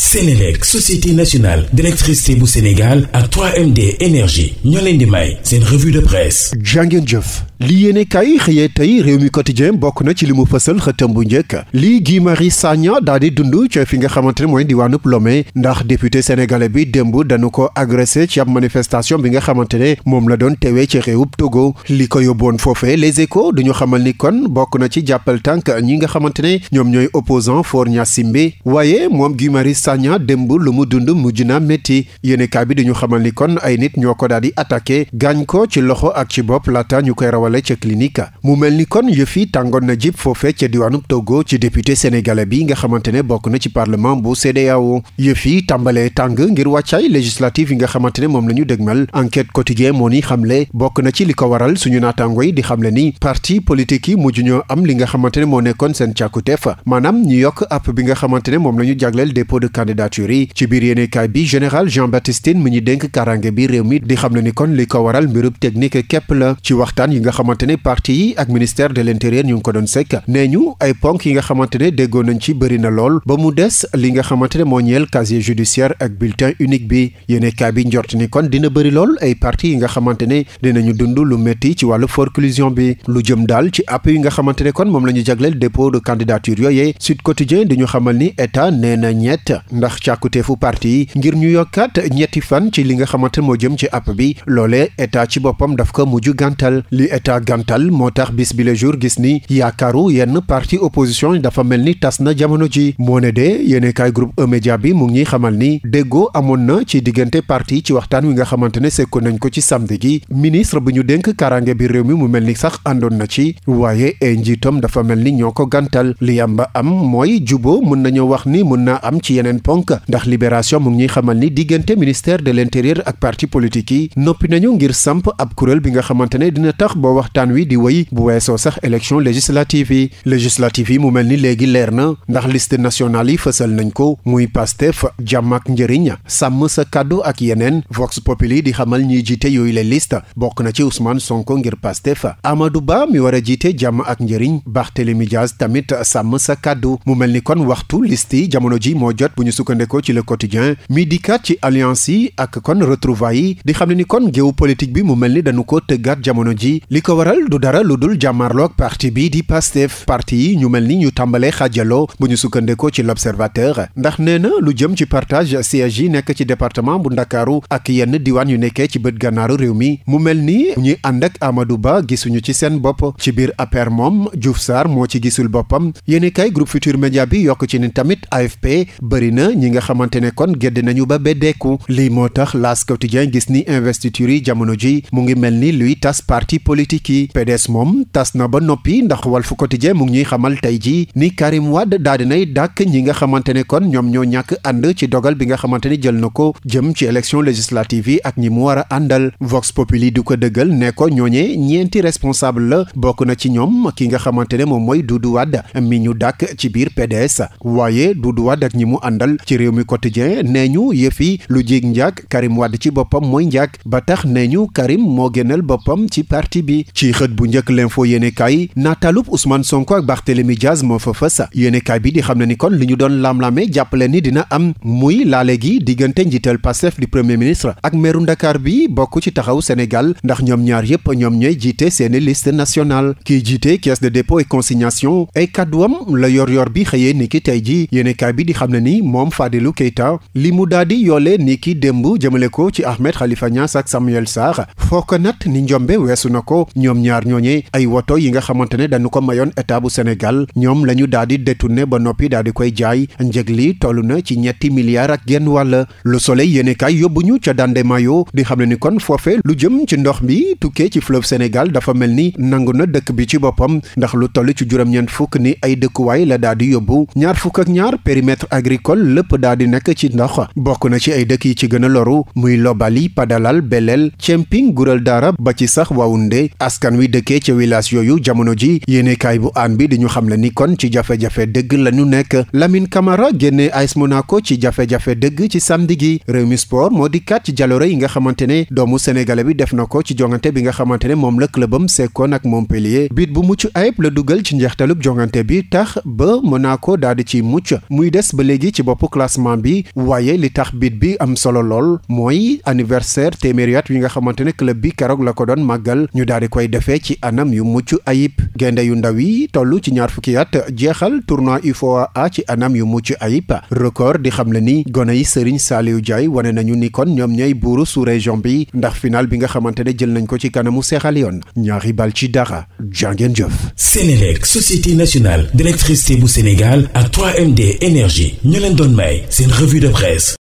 Sénélec société nationale d'électricité bu Sénégal ak 3MD énergie ñoo leen di may seen revue de presse. jàngeen jëf. li yéene kay xëyee tey réew mi quotidien bokk na ci li mu fësal xëtam bu njëkk lii Guy Marius Sagna daal di dund ci fi nga xamante ne mooy diwaanub Lomé ndax député sénégalais bi démb dañu ko agressé ci ab manifestation bi nga xamante ne moom la doon teewee ci réewub Togo li ko yóbboon foofee les échos duñu xamal ni kon bokk na ci jàppal tànk ñi nga xamante ne ñoom ñooy opposant Faure Gnassingbé waaye moom Guy Marius Sagna démb lu mu dund mujj na métti yéene kaay bi duñu xamal ni kon ay nit ñoo ko daal di attaqué gaañ ko ci loxo ak ci bopp laata ñu koy wala ca mu mel ni kon yëf yi tàngoon na jib foofee ca diwaanub Togo ci député sénégalais bi nga xamante bokk na ci parlement bu CEDEAO yëf yi tàmbalee tàng ngir wàccaay législative yi nga xamante moom la ñu dëgmal enquête moo ni xamle bokk na ci li ko waral suñu naataango di xamle ni parti politique yi mujj ñoo am li nga xamante moo nekkoon seen càkkuteef maanaam ñu yokk app bi nga xamante moom la ñu jagleel de candidature yi ci biir yéenekaay xamante ne parti yi ak ministère de l'intérieur ñu ngi ko doon sekk nee ñu ay ponk yi nga xamante ne déggoo nañ ci bari na lool ba mu des li nga xamante ne moo ñeel casier judiciaire ak bulletin unique bi yéene kaa bi njort ni kon dina bëri lool ay parti yi nga xamante ne ñu dund lu métti ci wàllu forclusion bi lu jëm daal ci app yi nga xamante ne kon moom la ñu jagleel dépôt de candidature yooyee Sud Quotidien di ñu xamal ni état nee na ñett ndax càkkuteefu parti ngir ñu yokkaat ñetti fan ci li nga xamante ne moo jëm ci app bi loolee ci boppam état gantal moo tax bis bi le jour gis ni yaakaaru yenn parti opposition dafa mel na jamono ji moo ne de ci diggante parti wi nga xamante ne sekkoon nañ ko ci samedi gi ministre bi ñu dénk kaaraange bi réew mi mu mel ni sax àndoon na ci waaye ay njiitam dafa mel ni ñoo ko gantal li yamba am mooy juboo mën nañoo wax ni mën naa am ci yeneen ponk ndax libération mu ngi ñuy xamal ni diggante ministère de l'intérieur ak parti politique yi noppi nañu ngir samp ab kuréel bi nga xamante dina tax boo waxtaan wi di wéy bu weesoo sax élection législative yi législative yi mu mel ni léegi leer na ndax liste national yi fësal nañ ko muy Pastef jàmm ak njëriñ sàmm sa kàddu ak yeneen Vox yi di xamal ñiy jiite yooyu la liste bokk na ci Ousmane Sonko ngir fa Amadou Ba mi war a jiite jàmm ak njëriñ Barthélémy Dias tamit sàmm sa kàddu mu mel ni kon waxtu liste yi jamono ji moo jot bu ñu sukkandekoo ci le quotidien mi dikkaat ci alliance yi ak kon retrouvailles yi di xam ne ni kon géopolitique bi mu mel ni dañu ko tëggaat jamono ji ko waral dara lu dul jàmmaarloog parti bi di Pastef parti ñu mel ni ñu tàmbalee xaajaloo bu ñu sukkandekoo ci l'observateur ndax nee na lu jëm ci partage siège nekk ci département bu ndakaaru ak yenn diwaan yu nekkee ci bët gànnaaru réew mi mu mel ni ñuy ànd ak Amadou Ba gisuñu ci seen bopp ci biir APR moom Diouf saar moo ci gisul boppam yéeni kay groupe Futur Média bi yokk ci ni tamit AFP bëri na ñi nga xamante ne kon gédd nañu ba beddeeku lii moo tax L'As Quotidien gis ni investiture yi jamono ji mu ngi mel ni luy tas parti politique politique yi PDS moom tas na ba noppi ndax Walf Quotidien mu ngi ñuy xamal tey ji ni Karim Wade daal nay dàkk ñi nga xamante ne kon ñoom ñoo ñàkk ànd ci dogal bi nga xamante ne jël na ko jëm ci élection législative yi ak ñi mu war a àndal Vox yi du ko dëggal ne ko ñooñee ñeenti responsable la bokk na ci ñoom ki nga xamante ne moom mooy Doudou Wade mi ñu dàkk ci biir PDS waaye Doudou Wade ak ñi mu àndal ci réew mi quotidien nee ñu yëfi lu jéeg njaag Karim Wade ci boppam mooy njaag ba tax nee ñu Karim moo bi ci xët bu njëkk l'info yéene kaay nataalub Ousmane Sonko ak Barthélémy Diaz moo fa fës yéene kaay bi di xam ne ni kon li ñu doon lam-lame jàppale ni dina am muy laale gi diggante njiital Pastef di premier ministre ak meeru Ndakaar bi bokk ci taxaw Sénégal ndax ñoom ñaar yépp ñoom ñooy jiite seeni liste nationale kii jiite caisse de dépôt et consignation ay kàdduwam la yor yor bi xëyee ni ki tey ji yéene kaay bi di xam ne ni moom Fadilou Keita li mu daal di yoole ni ki démb jëmale ko ci Ahmed Khalifa Niass ak Samuel ñoom ñaar ñooñu ay woto yi nga xamante ne dañu ko mayoon état bu Sénégal ñoom la ñu daal di détourné ba noppi daal di koy jaay njëg li tollu na ci ñetti milliards ak genn wàll lu Soleil yéenekaay yóbbu ñu ca Dandemayo di xam ne ni kon foofe lu jëm ci ndox bi tukkee ci fleuve Sénégal dafa mel ni nangu na dëkk bi ci boppam ndax lu toll ci juróom-ñeent fukk ni ay dëkkuwaay la daal di yóbbu ñaar fukk ak ñaar périmètre agricole lépp daal di nekk ci ndox bokk na ci ay dëkk yi ci gën a loru muy Lobali Padalal Belel Cemping Gural Dara ba ci sax Waoundé askan wi dëkkee ci village yooyu jamono ji yéenekaay bu aan bi di ñu xam le ni kon ci jafe-jafe dëgg la ñu nekk Lamine Camara génnee AS Monaco ci jafe-jafe dëgg ci samedi gi Rewmi moo di kat ci jaloore yi nga xamante ne doomu sénégalais bi def na ko ci jongante bi nga xamante ne moom la clubam sekkoon ak Montpellier bit bu mucc ayib la dugal ci njeextalub jongante bi tax ba Monaco daal di ci mucc muy des ba léegi ci boppu classement bi waaye li tax bit bi am solo lool mooy anniversaire téeméeri yi nga xamante ne club bi keroog la ko doon màggal ñu di di koy defee ci anam yu mucc ayib gaynde yu ndaw yi toll ci ñaar fukki at jeexal tournoi UFOA ci anam yu mucc ayib record di xam le ni gone yi Serigne Saliou jaay wane nañu ni kon ñoom ñooy buuru sous région bi ndax final bi nga xamante ne jël nañ ko ci kanamu seexal yoon ñaari bal ci dara jàngeen jëf. Sénélec société nationale d'électricité bu Sénégal ak 3MD énergie ñu leen doon may seen revue de presse.